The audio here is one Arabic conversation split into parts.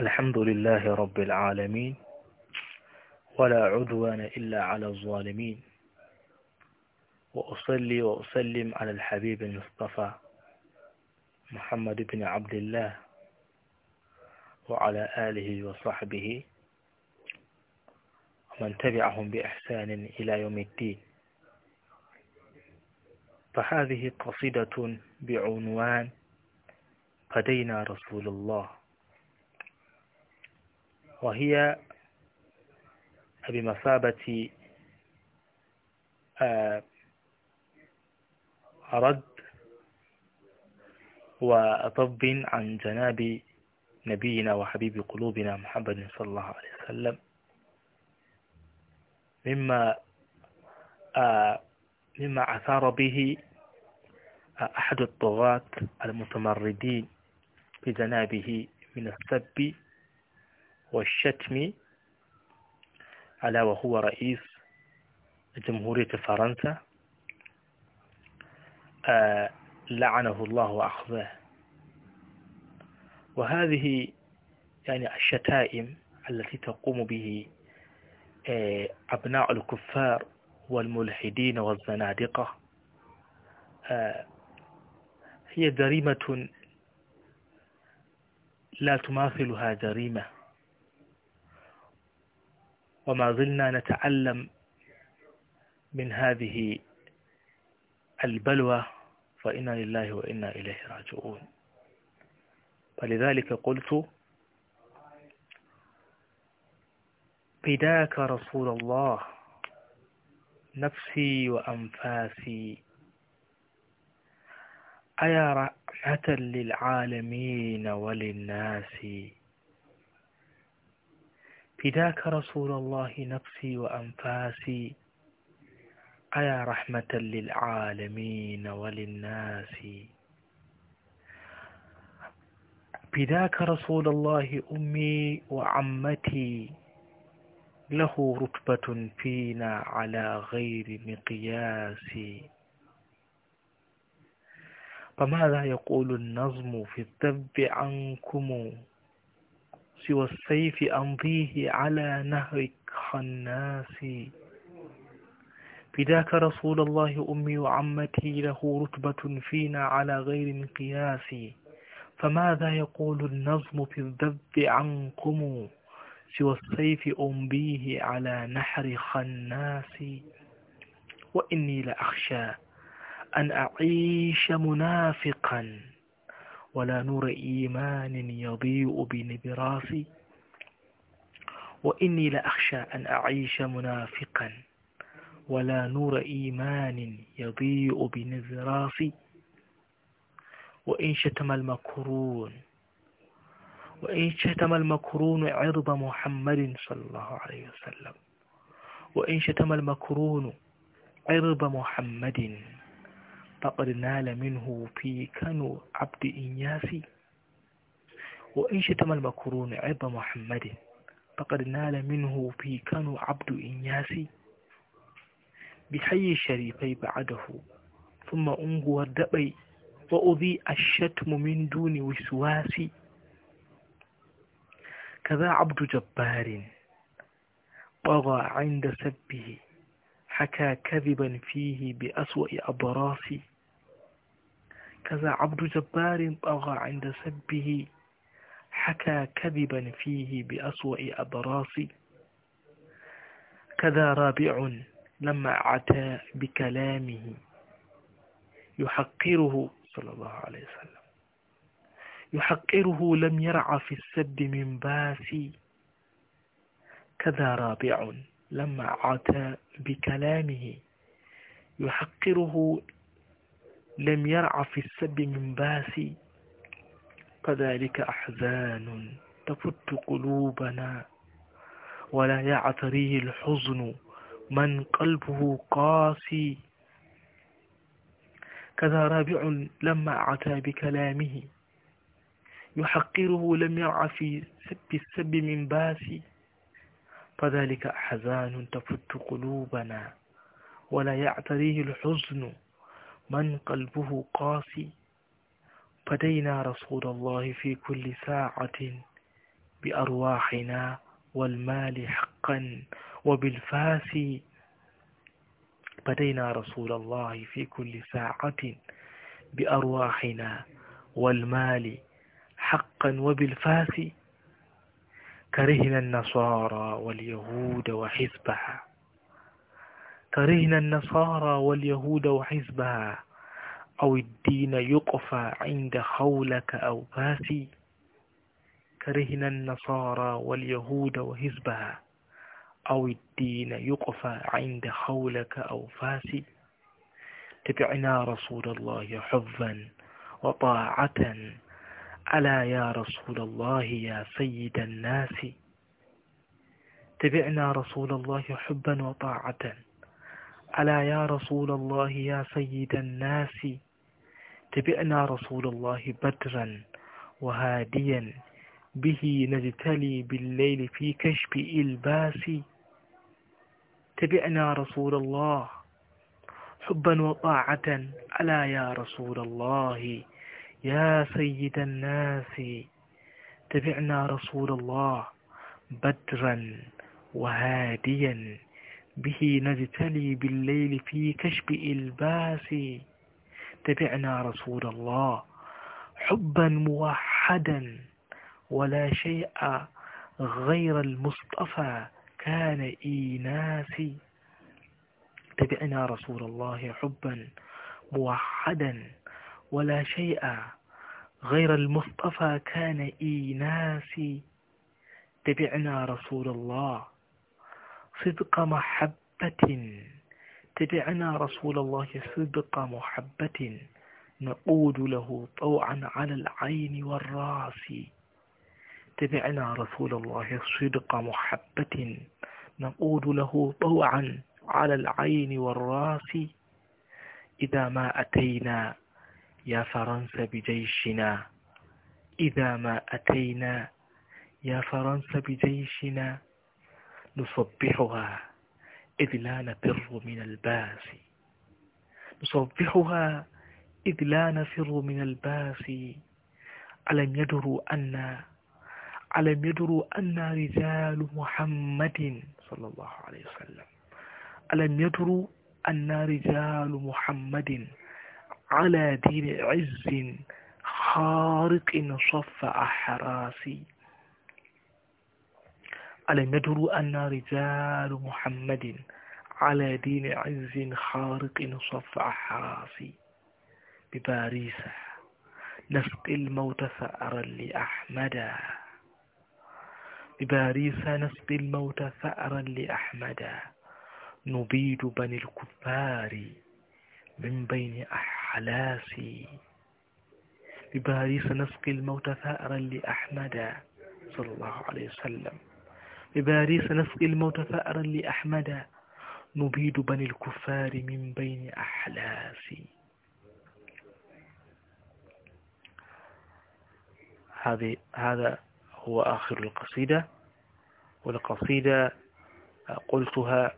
الحمد لله رب العالمين ولا عدوان إلا على الظالمين وأصلي وأسلم على الحبيب المصطفى محمد بن عبد الله وعلى آله وصحبه ومن تبعهم بإحسان إلى يوم الدين فهذه قصيدة بعنوان قدينا رسول الله وهي بمثابة آه، رد وطب عن جناب نبينا وحبيب قلوبنا محمد صلى الله عليه وسلم مما آه، مما أثار به آه، أحد الطغاة المتمردين بجنابه من السب والشتم ألا وهو رئيس جمهورية فرنسا آه، لعنه الله وأخذه وهذه يعني الشتائم التي تقوم به آه، أبناء الكفار والملحدين والزنادقة آه، هي جريمة لا تماثلها جريمة وما زلنا نتعلم من هذه البلوى فإنا لله وإنا إليه راجعون فلذلك قلت فداك رسول الله نفسي وأنفاسي أيا رحمة للعالمين وللناس فداك رسول الله نفسي وأنفاسي أيا رحمة للعالمين وللناس فداك رسول الله أمي وعمتي له رتبة فينا على غير مقياس فماذا يقول النظم في الذب عنكم والسيف أمضيه على نهرك خناس فداك رسول الله أمي وعمتي له رتبة فينا على غير مقياس فماذا يقول النظم في الذب عنكم سوى السيف أمبيه على نحر خناس وإني لأخشى أن أعيش منافقاً ولا نور إيمان يضيء بنبراسي وإني لأخشى أن أعيش منافقا ولا نور إيمان يضيء بنبراسي وإن شتم المكرون وإن شتم المكرون عرض محمد صلى الله عليه وسلم وإن شتم المكرون عرض محمد فقد نال منه في كانوا عبد إنياسي وإن شتم المكرون عب محمد فقد نال منه في كانوا عبد إنياسي بحي الشريفي بعده ثم أنقوا الدبي وأضيء الشتم من دون وسواسي كذا عبد جبار طغى عند سبه حكى كذبا فيه بأسوأ أبراسي كذا عبد جبار طغى عند سبه حكى كذبا فيه بأسوأ أبراسي كذا رابع لما عتى بكلامه يحقره صلى الله عليه وسلم يحقره لم يرع في السب من باسي كذا رابع لمعة بكلامه يحقره لم يرع في السب من باس كذلك أحزان تفت قلوبنا ولا يعتريه الحزن من قلبه قاسي كذا رابع لما عتى بكلامه يحقره لم يرع في سب السب من باسي فذلك أحزان تفت قلوبنا ولا يعتريه الحزن من قلبه قاسي فدينا رسول الله في كل ساعة بأرواحنا والمال حقا وبالفاس فدينا رسول الله في كل ساعة بأرواحنا والمال حقا وبالفاس كرهنا النصارى واليهود وحزبها كرهنا النصارى واليهود وحزبها أو الدين يقفى عند خولك أو باسي كرهنا النصارى واليهود وحزبها أو الدين يقفى عند خولك أو فاسي تبعنا رسول الله حبا وطاعة ألا يا رسول الله يا سيد الناس تبعنا رسول الله حبا وطاعة ألا يا رسول الله يا سيد الناس تبعنا رسول الله بدرا وهاديا به نجتلي بالليل في كشف إلباس تبعنا رسول الله حبا وطاعة ألا يا رسول الله يا سيد الناس تبعنا رسول الله بدرا وهاديا به نجتلي بالليل في كشف إلباس تبعنا رسول الله حبا موحدا ولا شيء غير المصطفى كان إيناسي تبعنا رسول الله حبا موحدا ولا شيء غير المصطفى كان إيناسي تبعنا رسول الله صدق محبة تبعنا رسول الله صدق محبة نقود له طوعا على العين والراس تبعنا رسول الله صدق محبة نقود له طوعا على العين والراس إذا ما أتينا يا فرنسا بجيشنا إذا ما أتينا يا فرنسا بجيشنا نصبحها إذ لا نفر من الباس نصبحها إذ لا نفر من الباس ألم يدروا أن ألم يدروا أن رجال محمد صلى الله عليه وسلم ألم يدروا أن رجال محمد على دين عز حارق صف أحراسي ألم يدروا أن رجال محمد على دين عز خارق صف أحراسي بباريس نسقي الموت ثأرا لأحمد بباريس نسقي الموت ثأرا لأحمد نبيد بني الكفار من بين أحمد الأعلاس بباريس نسقي الموت ثأرا لأحمد صلى الله عليه وسلم بباريس نسقي الموت ثأرا لأحمد نبيد بني الكفار من بين أحلاسي هذه هذا هو آخر القصيدة والقصيدة قلتها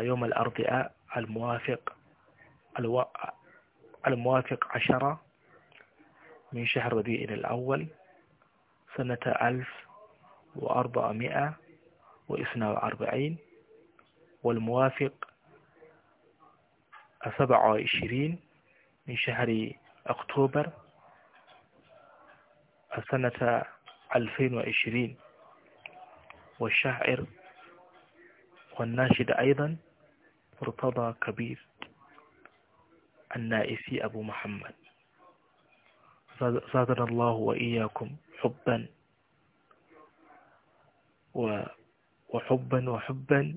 يوم الأربعاء الموافق الموافق عشرة من شهر ربيع الأول سنة ألف وأربعمائة واثنى وأربعين والموافق سبعة وعشرين من شهر أكتوبر سنة ألفين وعشرين والشاعر والناشد أيضا مرتضى كبير النائسي أبو محمد صادر الله وإياكم حبا وحبا وحبا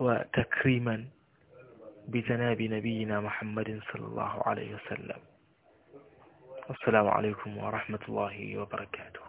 وتكريما بجناب نبينا محمد صلى الله عليه وسلم والسلام عليكم ورحمة الله وبركاته